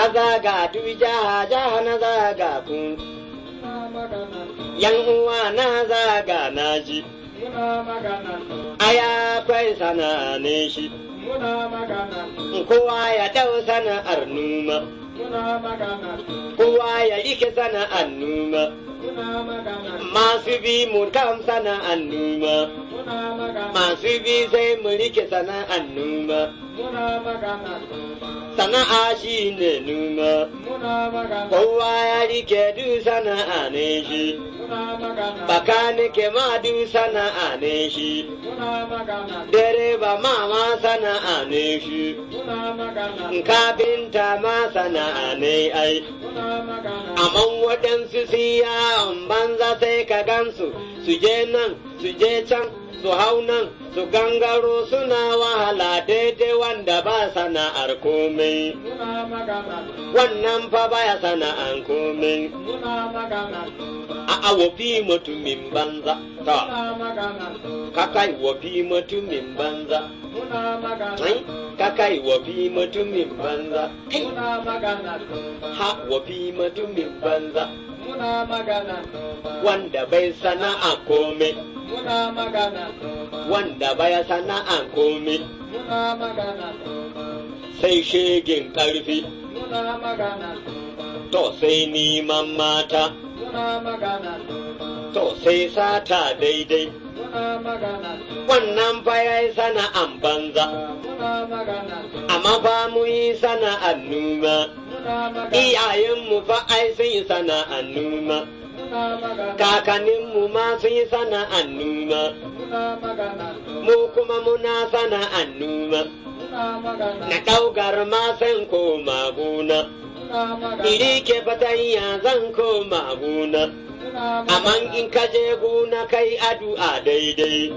na zaga tuja jaha na zaga ku yan uwa na zaga na shi aya kwai ne shi kowa ya dau sana'ar numa kowa ya rike sana'ar numa masu bi mu kan na noma masu bi sai mu rike sana'an noma sana'a shi ne noma kowa ya rike du sana'a ne shi baka nike ma du sana'a ne shi direba ma ma sana'a ne shi kafinta ma sana'a ne ai Amman waɗansu siya banza sai ka gansu, su je nan, su je can, su hau nan, su gangaro suna wahala daidai wanda ba sana'ar komai. Wannan fa baya sana'an komai. A awofi mutumin banza ta. Kakai wofi mutumin banza. Kakai wofi mutumin banza. Ha wofi mutumin banza. Wanda bai sana'a komai. Muna magana Wanda baya sana'an komi. Muna magana Sai shegin ƙarfi. Muna magana To sai neman mata. Muna magana To sai sata daidai. Muna magana Wannan baya sana'an banza. Muna magana Amma ba mu yi sana'an noma. Iyayenmu fa ai sun yi sana'an noma. kakanninmu ma sun yi sana'an noma mu kuma muna sana'an noma na ɗaukar ma san koma gona iri ke fatanya zan koma gona aman in ka je guna kai addu'a daidai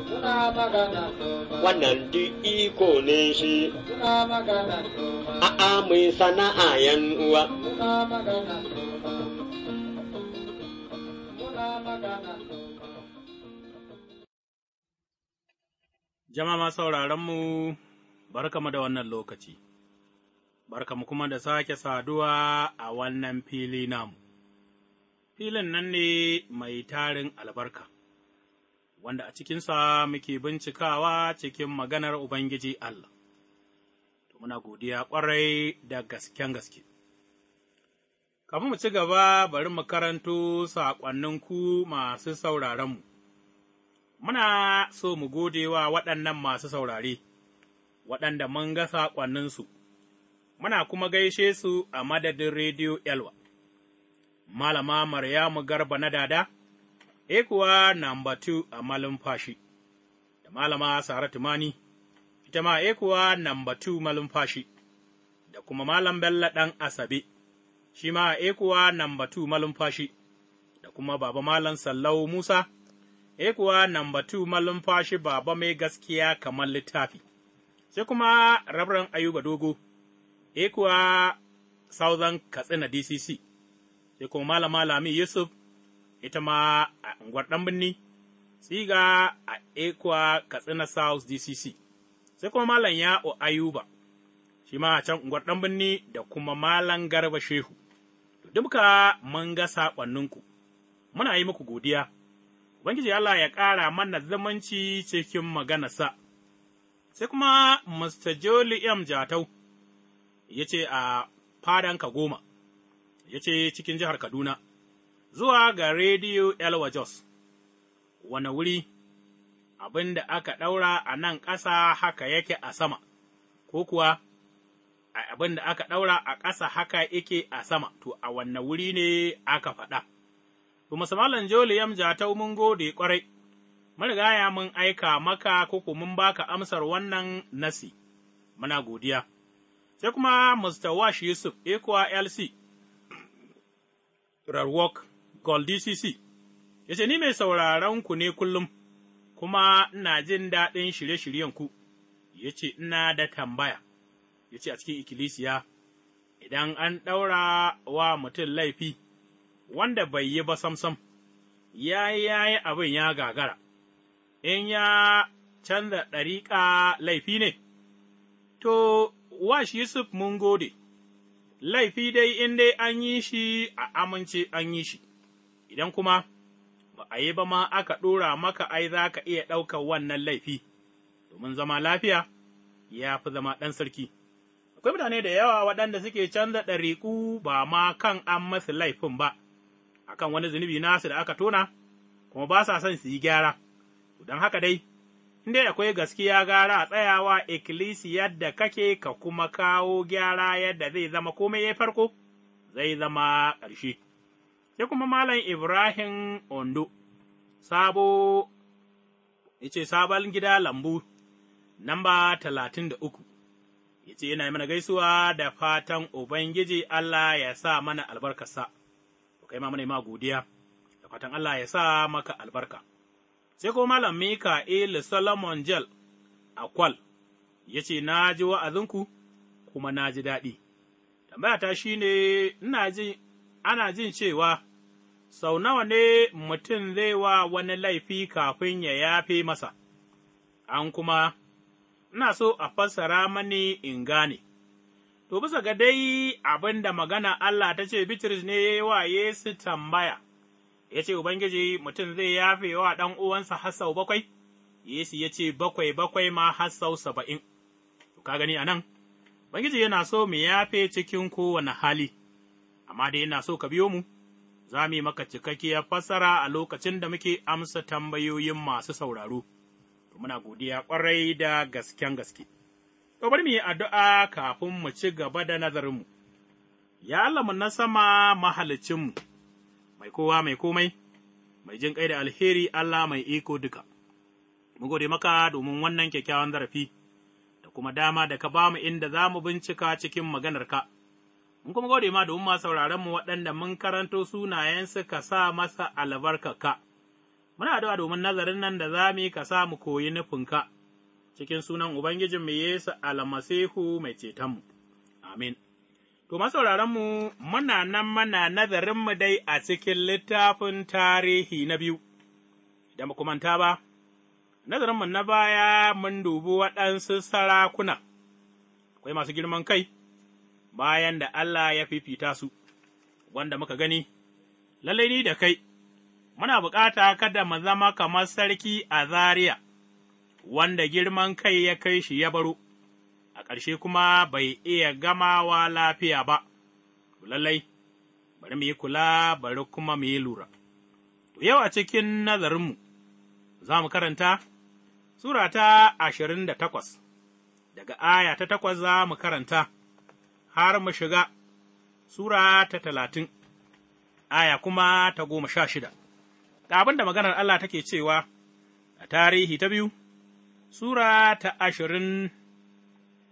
wannan duk iko ne shi a'a mai sana'a yan uwa Jama'a sauraronmu, barkamu da wannan lokaci, barkamu kuma da sake saduwa a wannan fili namu, filin nan ne mai tarin albarka, wanda a cikinsa muke bincikawa cikin maganar Ubangiji Allah, to muna godiya kwarai da gasken gaske. Kafin mu ci gaba bari mu karanto saƙonninku masu sauraronmu. Muna so mu gode wa waɗannan masu saurare, waɗanda mun ga saƙonninsu, muna kuma gaishe su a madadin Rediyo Elwa. Malama Maryamu Garba na dada, ekuwa namba tu a fashi. da Malama Saratu Mani, ita ma ekuwa namba Malin fashi. da kuma Malam Bello ɗan Asabe. shi ma a ekuwa namba tu malumfashi, da kuma baba Malam Sallau Musa, ekuwa namba tu malumfashi baba mai gaskiya kamar littafi, sai kuma rabran Ayuba Dogo, ekuwa Southern Katsina DCC, sai kuma Malama Lami Yusuf, ita ma a unguwar ɗan birni, tsiga a ekuwa Katsina South DCC, sai kuma Malam Ya'o Ayuba, shi ma a can unguwar ɗan birni da kuma Malam Garba Shehu. duka mun ga saƙonninku, muna yi muku godiya, Ubangiji Allah ya ƙara mana zamanci cikin maganarsa. Sai kuma Mr. Joli M. Jatau ya ce a fadanka goma, ya ce cikin jihar Kaduna, zuwa ga Radio Elwa Jos, wani wuri abin da aka ɗaura a nan ƙasa haka yake a sama, ko kuwa abin da aka ɗaura a ƙasa haka yake a sama, to a wanne wuri ne aka faɗa. Kuma Samalan Joliyam ta mun gode ƙwarai, marigaya mun aika maka ko mun baka amsar wannan nasi, muna godiya. Sai kuma Mr. Wash Yusuf, Ekuwa LC, Rarwok, Gold DCC, ya ce, Ni mai sauraron ku ne kullum, kuma ina jin daɗin shirye-shiryen ku, ya ce, Ina da tambaya. ya ce a cikin ikkilisiya, idan an ɗaura wa mutum laifi, wanda bai yi ba samsam, ya yi abin ya gagara, in ya canza ɗariƙa laifi ne, to, wa shi Yusuf mun gode, laifi dai in dai an yi shi a amince an yi shi, idan kuma ba a yi ba ma aka ɗora maka ai za ka iya ɗaukar wannan laifi, domin zama lafiya ya fi zama ɗan sarki. akwai mutane da yawa waɗanda suke canza ɗariƙu ba ma kan an masu laifin ba, akan wani zunubi nasu da aka tona, kuma ba sa son su yi gyara, don haka dai, in dai akwai gaskiya gara a tsayawa ikkilisiya da kake ka kuma kawo gyara yadda zai zama komai ya farko, zai zama ƙarshe. Sai kuma Malam Ibrahim Ondo, sabo, ya ce sabon gida lambu, namba talatin da uku. ya ce yana mana gaisuwa da fatan Ubangiji Allah ya sa mana albarkarsa, to kai ma mana ma godiya, da fatan Allah ya sa maka albarka. Sai ko Malam Mika'il Solomon Jel a kwal ya ce, Na ji wa'azinku kuma na ji daɗi. Tambayata shi ne, ana jin cewa, sau nawa ne mutum zai wa wani laifi kafin ya yafe masa, an kuma ina so a fassara mani in gane. To, bisa ga dai abin da magana Allah ta ce Bitrus ne ya wa Yesu tambaya, ya ce, Ubangiji mutum zai yafe wa ɗan uwansa har bakwai, Yesu ya ce, bakwai bakwai ma har sau saba'in. Ka gani a nan, Ubangiji yana so mu yafe cikin kowane hali, amma dai yana so ka biyo mu, za mu yi maka cikakkiyar fassara a lokacin da muke amsa tambayoyin masu sauraro. muna godiya kwarai da gasken gaske. To bari mu yi addu'a kafin mu ci gaba da nazarinmu. Ya Allah na sama mahalicinmu, mai kowa mai komai, mai jin kai da alheri Allah mai iko duka. Mu gode maka domin wannan kyakkyawan zarafi da kuma dama da ka bamu inda za mu bincika cikin maganarka. Mun kuma gode ma domin masu sauraronmu waɗanda mun karanto sunayen suka sa masa albarkaka. ka. muna addu'a domin nazarin nan da za mu yi ka sa mu koyi nufinka cikin sunan Ubangijinmu Yesu almasihu mai cetonmu. Amin. To, mu muna nan mana nazarinmu dai a cikin littafin tarihi na biyu, idan ba manta ba, nazarinmu na baya mun dubi waɗansu sarakuna, akwai masu girman kai, bayan da Allah ya fifita su, wanda muka gani, lallai ni da kai. muna bukata kada mu zama kamar sarki a Zaria, wanda girman kai ya kai shi ya baro, a ƙarshe kuma bai iya gamawa lafiya ba, lallai, bari mu yi kula, bari kuma mu yi lura. yau a cikin nazarinmu, za mu karanta Sura ta ashirin da takwas, daga aya ta takwas za mu karanta, har mu shiga Sura ta talatin, aya kuma ta goma sha shida. ga abin da maganar Allah take cewa a tarihi ta biyu, Sura ta ashirin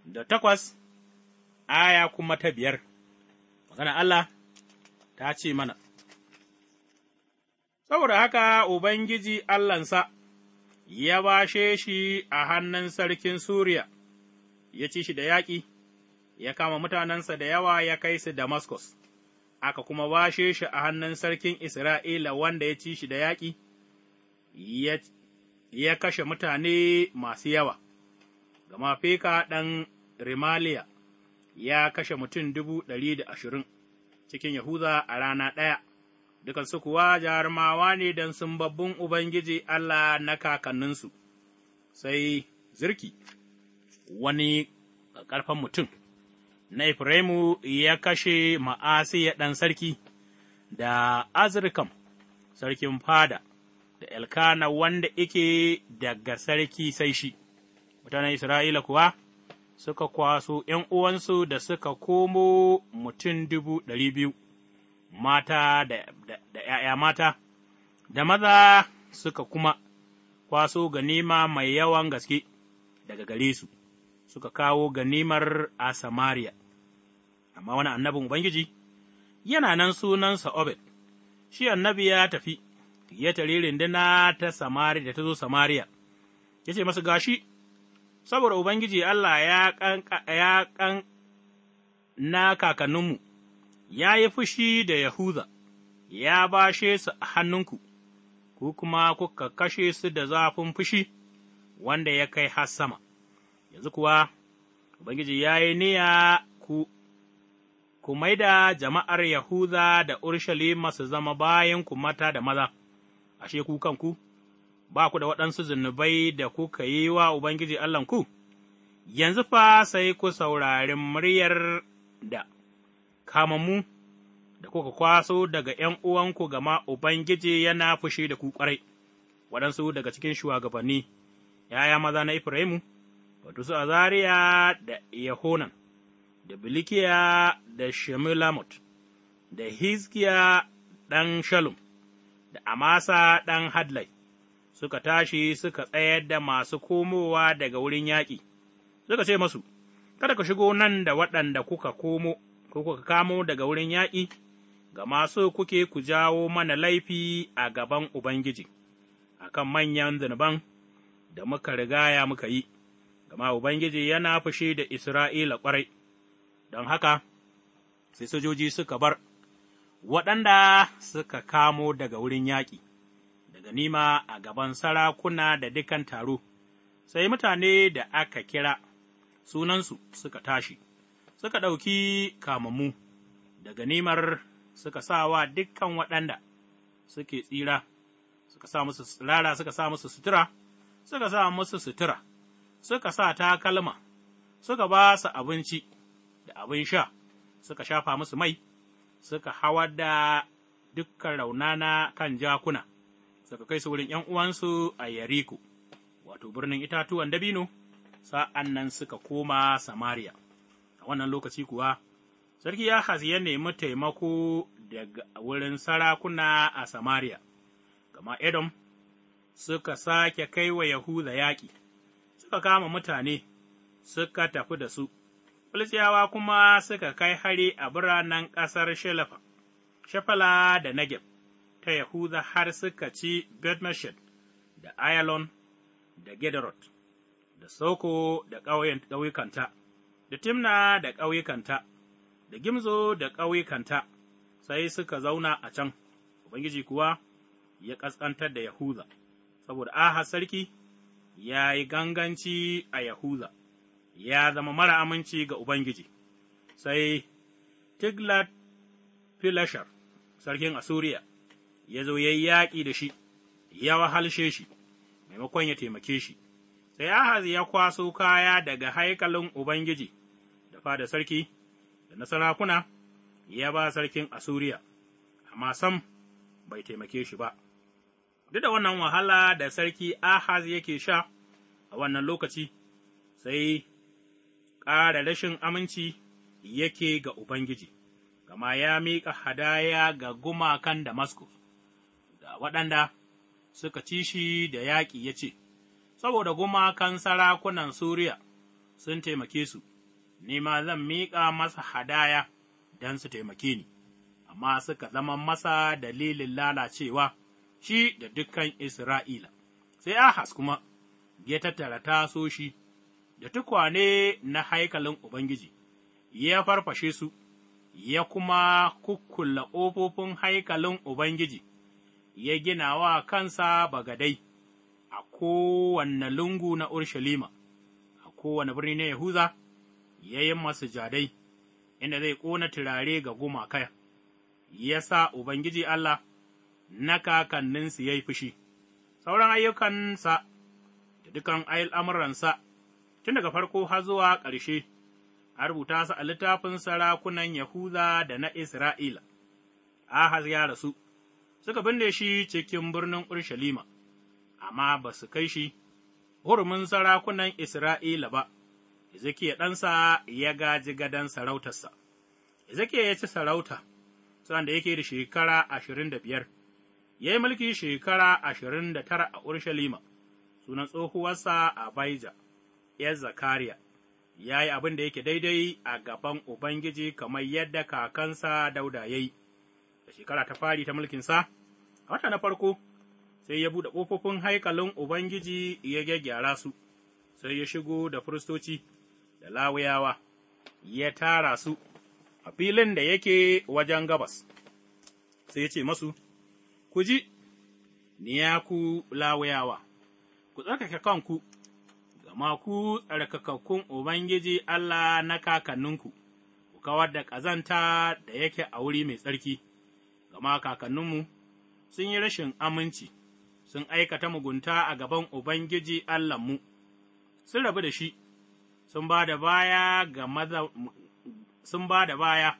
da takwas, aya kuma ta biyar, maganar Allah ta ce mana, Saboda haka Ubangiji Allahnsa ya bashe shi a hannun sarkin Suriya, ya ci shi da yaƙi, ya kama mutanensa da yawa ya kai su Damascus. aka kuma washe shi a hannun sarkin Isra'ila wanda ya ci shi da yaƙi, ya kashe mutane masu yawa, gama feka ɗan Rimaliya ya kashe mutum dubu ɗari da ashirin cikin Yahuza a rana ɗaya, dukansu kuwa jarumawa ne don sun babbun Ubangiji Allah na kakanninsu, sai zirki wani ƙarfan mutum. na Efraimu ya kashe ma'asiya ɗan sarki, da Azrikam, sarkin fada, da Elkana wanda ike daga sarki sai shi, mutanen Isra'ila kuwa suka kwaso ’yan uwansu da suka komo mutum dubu ɗari biyu, mata da ’ya'ya mata, da maza suka kuma kwaso ganima mai yawan gaske daga gare su, suka kawo ganimar a Samariya. amma wani annabin Ubangiji yana nan sunansa Obed, shi annabi ya tafi, ya tare rindina ta samari da ta zo Samariya, ya ce masu gashi, saboda Ubangiji Allah ya kan na kakanninmu, ya yi fushi da Yahuza, ya bashe su a hannunku, ku kuma kuka kashe su da zafin fushi wanda ya kai har sama, yanzu kuwa Ubangiji ya yi niyya ku ku maida jama'ar Yahuda da Urushalima su zama bayan ku mata da maza, ashe ku kanku, ba ku da waɗansu zunubai da kuka yi wa Ubangiji Allahnku, yanzu fa sai ku saurari muryar da kamammu da kuka kwaso daga ’yan uwanku gama Ubangiji yana fushi da ku ƙwarai, waɗansu daga cikin shugabanni, ’ya'ya maza na Efraimu, Batusu Azariya da Yahonan. da Bilikiya da Shemilamot, da Hizkiya ɗan Shalom da Amasa ɗan Hadlai, suka tashi suka tsayar da masu komowa daga wurin yaƙi, suka ce masu, Kada ka shigo nan da waɗanda kuka komo, kuka kamo daga wurin yaƙi, ga masu kuke ku jawo mana laifi a gaban Ubangiji, a kan manyan zunuban da muka rigaya muka yi, gama Ubangiji yana fushi da Isra'ila ƙwarai. don haka sai sojoji suka bar waɗanda suka kamo daga wurin yaƙi, daga nima a gaban sarakuna da dukan taro, sai mutane da aka kira sunansu suka tashi, suka ɗauki kamammu, daga nimar suka sawa dukkan waɗanda suke tsira, suka sa musu tsirara, suka sa musu sutura, suka sa musu sutura, suka sa takalma, suka ba su abinci. da abin sha, suka shafa musu mai, suka hawa da dukkan raunana kan jakuna, suka kai su wurin ’yan uwansu a yariko, wato birnin itatuwan dabino, sa'an nan suka koma Samariya. A wannan lokaci kuwa, Sarki ya hazi ya nemi taimako daga wurin sarakuna a Samariya, gama Edom suka sake kai wa Yahuda yaƙi, suka kama mutane, suka tafi da su. Filistiyawa kuma suka kai hari a biranen ƙasar Shelafa, Shafala da Negev, ta yahuza har suka ci Betmeshed da Ayalon da Gederot, da Soko da ƙauyukanta, da Timna da ƙauyukanta, da Gimzo da ƙauyukanta, sai suka zauna a can, Ubangiji kuwa ya ƙasƙantar da Yahuza, saboda aha sarki ya yi ganganci a Yahuza. ya zama mara aminci ga Ubangiji, sai Tiglat Filashar, sarkin Asuriya, ya zo ya yi yaƙi da shi, ya wahalshe shi, maimakon ya taimake shi, sai Ahaz ya kwaso kaya daga haikalin Ubangiji, da fada sarki, da na sarakuna, ya ba sarkin Asuriya, amma sam bai taimake shi ba. Duk da wannan wahala da sarki Ahaz yake sha a wannan lokaci, sai ƙara rashin aminci yake ga Ubangiji, gama ya miƙa hadaya ga gumakan Damascus, ga waɗanda suka ci shi da yaƙi ya ce, Saboda gumakan sarakunan Suriya sun taimake su, ni ma zan miƙa masa hadaya don su taimake ni, amma suka zama masa dalilin lalacewa shi da dukkan Isra'ila. Sai Ahas kuma ya tattara tasoshi. shi. da tukwane na haikalin Ubangiji, ya farfashe su, ya kuma kukkulla ƙofofin haikalin Ubangiji, ya gina wa kansa bagadai a kowane lungu na Urshalima, a kowane birni na Yahuza, ya yi masu jadai, inda zai ƙona turare ga kaya. ya sa Ubangiji Allah na kakanninsu ya yi fushi, sauran ayyukansa da dukan al'amuransa. tun daga farko har zuwa ƙarshe, a rubuta su a littafin sarakunan Yahuda da na Isra'ila, Ahaz ya rasu, suka binne shi cikin birnin Urshalima, amma ba su kai shi hurumin sarakunan Isra'ila ba, Ezekiel ɗansa ya gaji gadon sarautarsa, Ezekiel ya ci sarauta, sanda yake da shekara ashirin da biyar, ya yi mulki shekara ashirin da tara a Urshalima, sunan tsohuwarsa a ’yar Zakariya, ya yi abin da yake daidai a gaban Ubangiji kamar yadda kakansa Dauda ya yi, da shekara ta fari ta mulkinsa, a wata na farko sai ya buɗe ƙofofin haikalin Ubangiji ya gyaggyara su, sai ya shigo da firistoci da lawuyawa, ya tara su a filin da yake wajen gabas, sai ya ce masu, Ku ji, ni ya ku lawuyawa, ku tsarkake kanku gama ku tsarkakakkun Ubangiji Allah na kakanninku, ku kawar da ƙazanta da yake a wuri mai tsarki, gama kakanninmu sun yi rashin aminci, sun aikata mugunta a gaban Ubangiji Allahnmu, sun rabu da shi, sun ba da baya ga sun ba da baya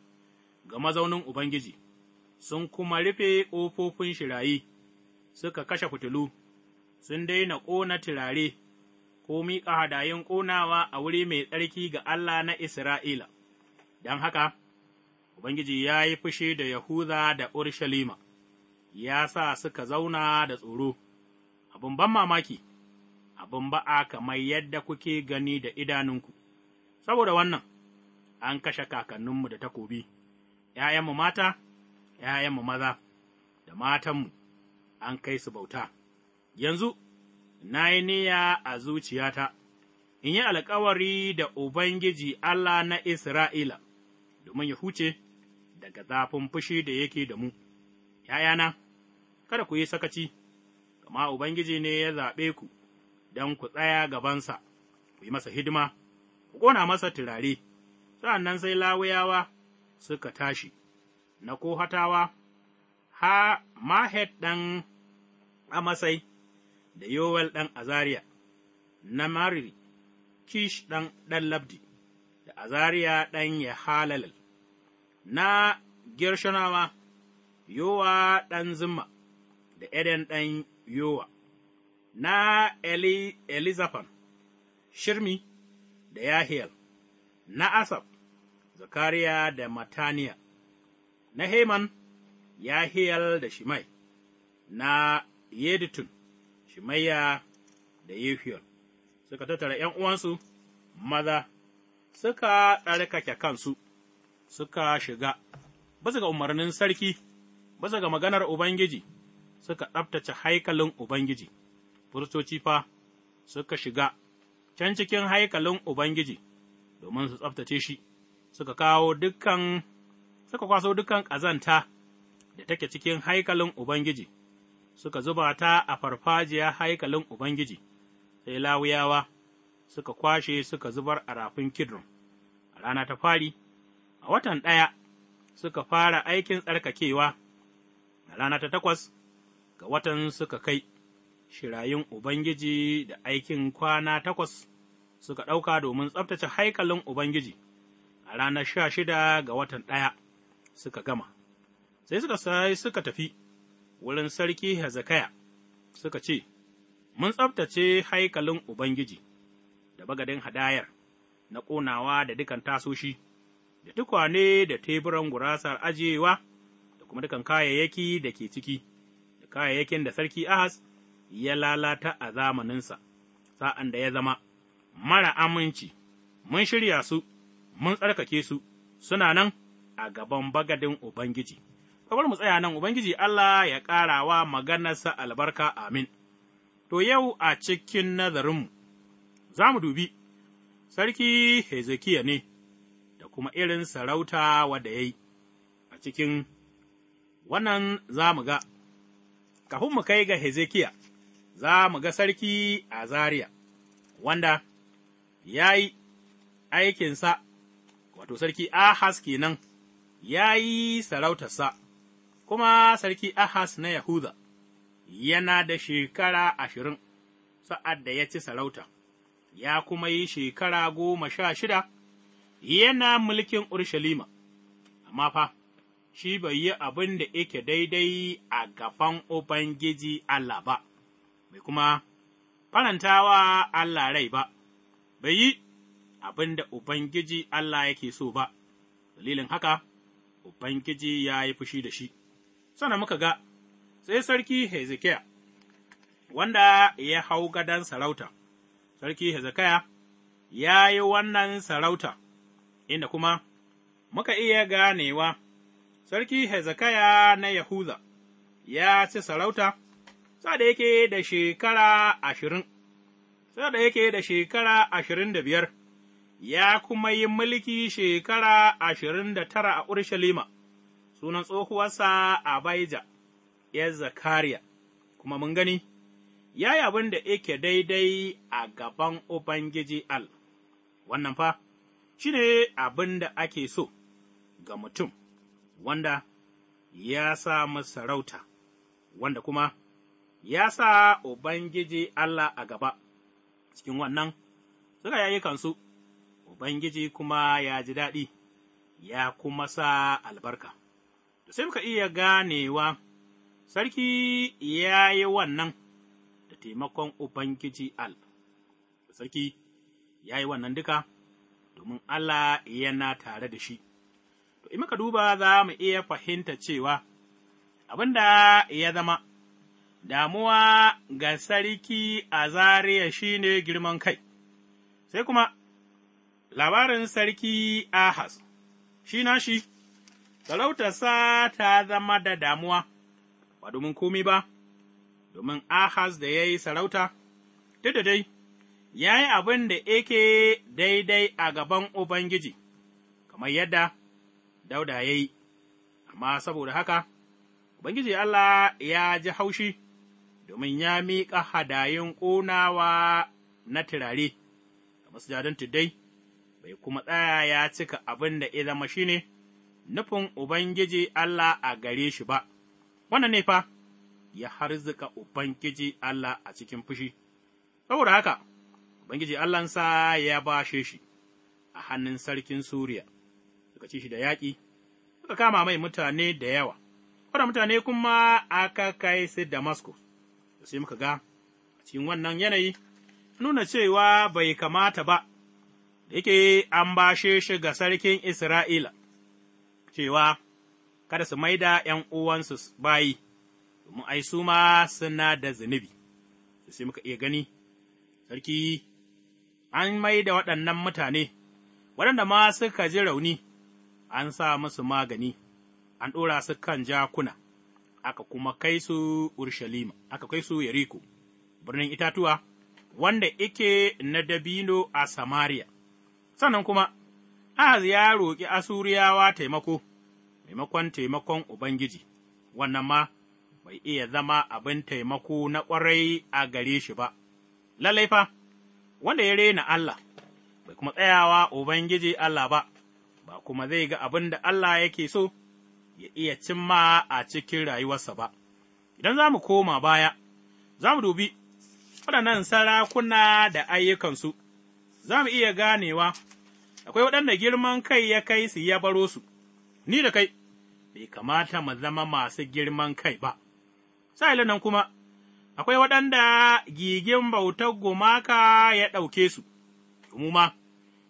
ga mazaunin Ubangiji, sun kuma rufe ƙofofin shirayi, suka kashe fitilu, sun daina ƙona turare. ko miƙa hadayun ƙonawa a wuri mai tsarki ga Allah na Isra'ila, don haka, Ubangiji ya yi fushi da Yahuda da Urshalima, ya sa suka zauna da tsoro, abin ban mamaki, abin ba'a kamar yadda kuke gani da idanunku, saboda wannan, an kashe kakanninmu da takobi, ’ya'yanmu mata, ’ya'yanmu maza, da matanmu, an kai su bauta. Yanzu, na yi niyya a zuciyata, in yi alkawari da Ubangiji Allah na Isra'ila, domin ya huce daga zafin fushi da yake da mu, ’ya'yana, kada ku yi sakaci, gama Ubangiji ne ya zaɓe ku don ku tsaya gabansa, ku yi masa hidima, ku ƙona masa turare, sa'an nan sai lawuyawa suka tashi, na kohatawa, ha Mahet ɗan Amasai. da Yowel ɗan Azariya, na Mariri, Kish ɗan ɗan labdi da Azariya ɗan Yahalalal, na Gershonawa, Yowa ɗan Zimma, da Eden ɗan Yowa, na Eli, Elizafan, Shirmi da yahiyal na Asaf, Zakariya da Mataniya, na Heman, yahiyal da Shimai, na Yedutun. Shimayya da Yefiyon, suka tattara ’yan uwansu maza, suka tsarkake kansu, suka shiga, bisa ga umarnin sarki, bisa ga maganar Ubangiji, suka tsabtace haikalin Ubangiji, firistoci fa suka shiga can cikin haikalin Ubangiji domin su tsabtace shi, suka kawo dukkan, suka kwaso dukkan ƙazanta da take cikin haikalin Ubangiji. suka zuba ta a farfajiya haikalin Ubangiji, sai lawuyawa suka kwashe suka zubar a rafin Kidron. A rana ta fari, a watan ɗaya suka fara aikin tsarkakewa, a rana ta takwas ga watan suka kai shirayin Ubangiji da aikin kwana takwas suka ɗauka domin tsabtace haikalin Ubangiji, a ranar sha shida ga watan ɗaya suka gama, sai suka sai suka tafi. wurin sarki Hezekiah suka ce, Mun tsabtace haikalin Ubangiji da bagadin hadayar na ƙonawa da dukan tasoshi, da tukwane da teburan gurasar ajiyewa da kuma dukan kayayyaki da ke ciki, da kayayyakin da sarki Ahas ya lalata a zamaninsa, sa'an da ya zama mara aminci, mun shirya su, mun tsarkake su, suna nan a gaban bagadin Ubangiji. kamar mu tsaya nan Ubangiji Allah ya ƙarawa maganarsa albarka amin. To, yau a cikin nazarinmu, za mu dubi, Sarki Hezekiya ne, da kuma irin sarauta wadda ya yi, a cikin wannan za mu ga, kafin mu kai ga Hezekiya, za mu ga Sarki Azariya, wanda ya yi aikinsa, wato Sarki Ahas kenan, ya yi sarautarsa. kuma sarki Ahas na Yahuda, yana da shekara ashirin sa'ad da ya ci sarauta, ya kuma yi shekara goma sha shida yana mulkin Urshalima, amma fa, shi bai yi abin da yake daidai a gaban Ubangiji Allah ba, bai kuma farantawa Allah rai ba, bai yi abin da Ubangiji Allah yake so ba, dalilin haka, Ubangiji ya yi fushi da shi. sana muka ga, sai sarki Hezekiya, wanda ya hau gadon sarauta, sarki Hezekiya ya yi wannan sarauta, inda kuma muka iya ganewa, sarki Hezekiya na Yahuza ya ci sarauta, sada yake da shekara ashirin, sada yake da shekara ashirin da biyar, ya kuma yi mulki shekara ashirin da tara a Urushalima. sunan tsohuwarsa Abaija, ’yar Zakariya, kuma mun gani, ya yi abin da yake daidai a gaban Ubangiji Al, wannan fa, shi ne abin da ake so ga mutum, wanda ya samu sarauta, wanda kuma ya sa Ubangiji Allah a gaba, cikin wannan suka yayi kansu, Ubangiji kuma ya ji daɗi, ya kuma sa albarka. sai muka iya ganewa, sarki ya yi wannan da taimakon Ubangiji Al, sarki ya yi wannan duka domin Allah yana tare da shi. To, in muka duba za mu iya fahimta cewa abin da ya zama damuwa ga sarki a zariya shi ne girman kai, sai kuma labarin sarki Ahaz, shi na shi. sarautarsa ta zama da damuwa, ba domin komi ba, domin Ahaz da ya yi sarauta, duk da dai, ya yi abin da yake daidai a gaban Ubangiji, kamar yadda Dauda ya yi, amma saboda haka, Ubangiji Allah ya ji haushi, domin ya miƙa hadayun ƙonawa na turare, da masujadin tuddai, bai kuma tsaya ya cika abin da ya zama shi ne. nufin Ubangiji Allah a gare shi ba, wannan ne fa ya harzuka Ubangiji Allah a cikin fushi, saboda haka, Ubangiji sa ya bashe shi a hannun sarkin Suriya, suka ci shi da yaƙi, suka kama mai mutane da yawa, wadda mutane kuma aka kai su Damascus, sai muka ga a cikin wannan yanayi nuna cewa bai kamata ba, da yake an bashe shi ga sarkin Isra'ila. cewa, Kada su maida ’yan uwansu bayi, domin ai su ma suna da zunubi, sai muka iya gani, sarki, an maida waɗannan mutane, waɗanda ma suka ji rauni, an sa musu magani, an ɗora su kan jakuna, aka kuma kai su Urshalima, aka kai su Yeriko, birnin itatuwa, wanda ike na dabino a Samariya, sannan kuma Ahaz ya roƙi Asuriyawa taimako, maimakon taimakon Ubangiji, wannan ma bai iya zama abin taimako na ƙwarai a gare shi ba, lallai fa, wanda ya rena Allah, bai kuma tsayawa Ubangiji Allah ba, ba kuma zai ga abin da Allah yake so ya iya cimma a cikin rayuwarsa ba. Idan za mu koma baya, za mu dubi waɗannan sarakuna da ayyukansu, za mu iya ganewa akwai waɗanda girman kai ya kai su ya baro su, ni da kai, bai kamata mu zama masu girman kai ba. Sa'ilin nan kuma, akwai waɗanda gigin bautar gumaka ya ɗauke su, ma,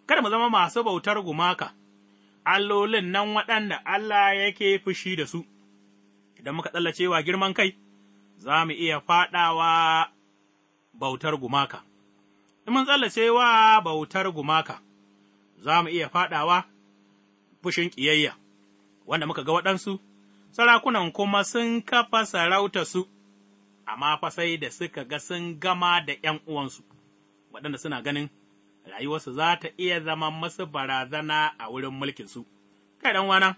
kada mu zama masu bautar gumaka, allolin nan waɗanda Allah yake fushi da su, idan muka tsallacewa girman kai, za mu iya faɗawa bautar gumaka, in mun tsallacewa bautar gumaka. za mu iya faɗawa fushin ƙiyayya, wanda muka ga waɗansu, sarakunan kuma sun kafa sarautarsu, amma fa sai da suka ga sun gama da ’yan uwansu, waɗanda suna ganin rayuwarsu za ta iya zama masu barazana a wurin mulkinsu. Kai ɗan wana,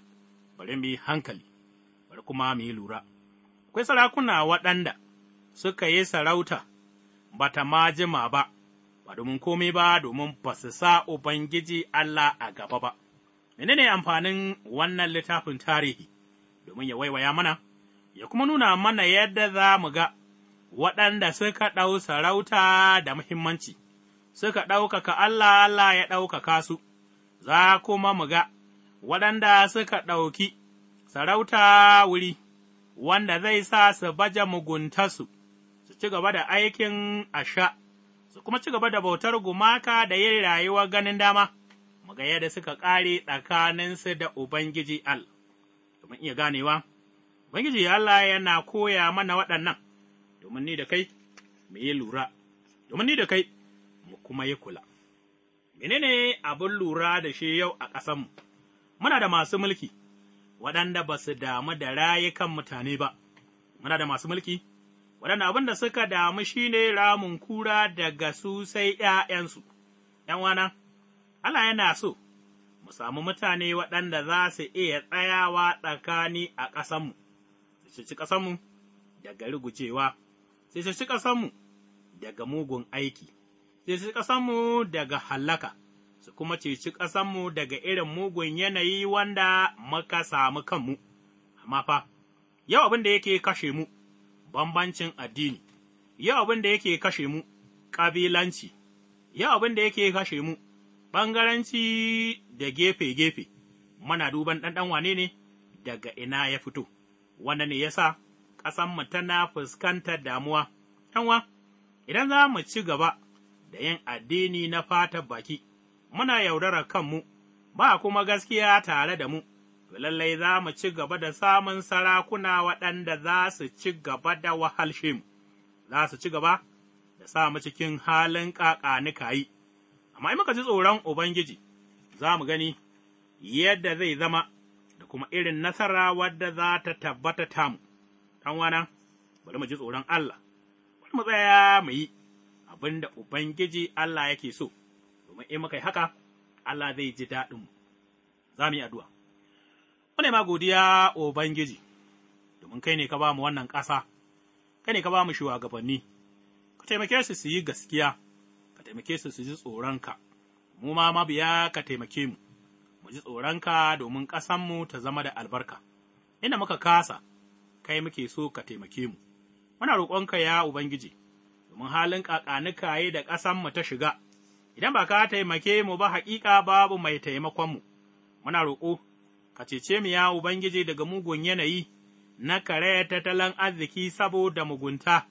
bari mu yi hankali, bari kuma mu yi lura. Akwai sarakuna waɗanda suka yi sarauta ba ta ma jima ba, ba domin komai ba domin ba su sa Ubangiji Allah a gaba ba. ne amfanin wannan littafin tarihi domin ya waiwaya mana, ya kuma nuna mana yadda za mu ga waɗanda suka ɗau sarauta da muhimmanci, suka ɗaukaka Allah Allah ya ɗaukaka su, za kuma mu ga waɗanda suka ɗauki sarauta wuri, wanda zai sa su baje muguntarsu, su ci gaba da aikin asha su kuma ci gaba da bautar gumaka da yin rayuwa ganin dama, muga yadda suka ƙare tsakaninsu da Ubangiji Allah. Domin iya ganewa, Ubangiji Allah yana koya mana waɗannan, domin ni da kai, mu yi lura, domin ni da kai, mu kuma yi kula. Menene abin lura da shi yau a ƙasanmu? Muna da masu mulki, waɗanda ba su damu da rayukan mutane ba, muna da masu mulki. waɗanda abin da suka damu shi ne ramin kura daga su sai ’ya'yansu, ’yan'wana, Allah yana so, mu samu mutane waɗanda za su iya tsayawa tsakani a ƙasanmu, su ci ƙasanmu daga rigucewa, sai su ci ƙasanmu daga mugun aiki, sai su ci ƙasanmu daga hallaka. su kuma ceci ƙasanmu daga irin mugun yanayi wanda muka samu kanmu, amma fa, yau abin da yake kashe mu, bambancin addini, yau abin da yake kashe mu, ƙabilanci, yau abin da yake kashe mu, ɓangaranci da gefe-gefe, muna duban ɗanɗan wane ne daga ina ya fito, wanda ne ya sa ƙasanmu tana fuskantar damuwa, ‘yanwa, idan za mu ci gaba da yin addini na fata baki, muna yaudara kanmu, ba kuma gaskiya tare da mu. lallai za mu ci gaba da samun sarakuna waɗanda za su ci gaba da wahalshe mu, za su ci gaba da sa cikin halin ƙaƙanikayi, amma in muka ji tsoron Ubangiji, za mu gani yadda zai zama da kuma irin nasara wadda za ta tabbata tamu, wana bari mu ji tsoron Allah, bari mu tsaya mu yi abin da Ubangiji Allah yake so, domin in muka yi haka, Allah zai ji daɗinmu. Za mu yi addu'a. Mune ma godiya, Ubangiji, domin kai ne ka ba mu wannan ƙasa, kai ne ka ba mu shugabanni, ka taimake su su yi gaskiya, ka taimake su su ji tsoronka, mu ma mabiya ka taimake mu, mu ji tsoronka domin ƙasanmu ta zama da albarka, inda muka kasa, kai muke so ka taimake mu. Muna roƙonka ya Ubangiji, domin halin ƙaƙanikaye da ƙasanmu ta shiga, idan ba ka taimake mu ba haƙiƙa babu mai taimakonmu, muna roƙo. ka cece mu ya Ubangiji daga mugun yanayi na kare tattalin arziki saboda mugunta,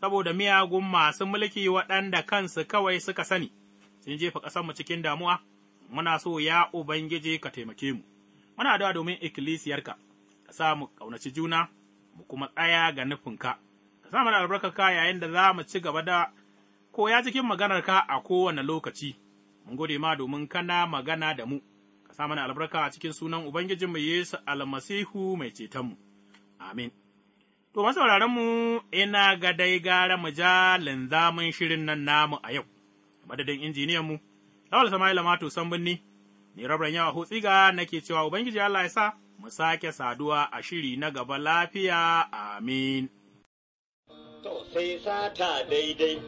saboda miyagun masu mulki waɗanda kansu kawai suka sani, sun jefa ƙasarmu cikin damuwa, muna so ya Ubangiji ka taimake mu, muna da domin ikkilisiyarka, ka sa mu ƙaunaci juna, mu kuma tsaya ga nufinka, ka sa mana ka yayin da za mu ci gaba da koya cikin maganarka a kowane lokaci, mun gode ma domin kana magana da mu. sa albarka a cikin sunan Ubangijinmu Yesu almasihu mai cetonmu. Amin. To, mu ina ga dai gara mu ja linzamin shirin nan namu a yau, madadin injiniyan mu Lawal Sama'ila Mato Sambunni, ni rabran yawa hotsiga nake cewa Ubangiji Allah ya sa mu sake saduwa a shiri na gaba lafiya, amin. sai sata daidai.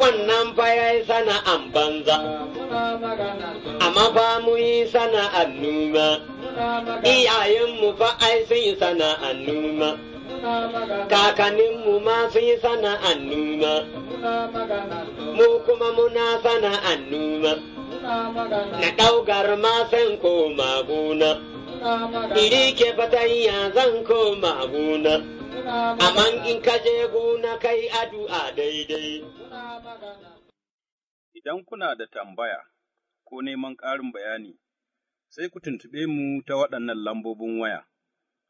Wannan fa yayi yi sana'an banza, amma ba mu yi sana'an numa, iyayenmu fa ai sun yi sana'an numa. Kakaninmu ma sun yi sana'an numa, mu kuma muna sana'an numa, na ɗaugar ma san koma gona, iri ke fatanya zan koma gona. Amman in ka je gona kai addu'a daidai. Idan kuna da tambaya ko neman ƙarin bayani, sai ku tuntuɓe mu ta waɗannan lambobin waya,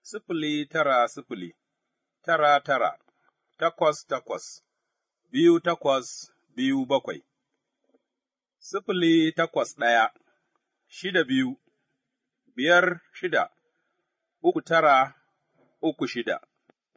sifili tara sifili, tara tara, takwas takwas, biyu takwas biyu bakwai, sifili takwas ɗaya, shida biyu, biyar shida, uku tara, uku shida.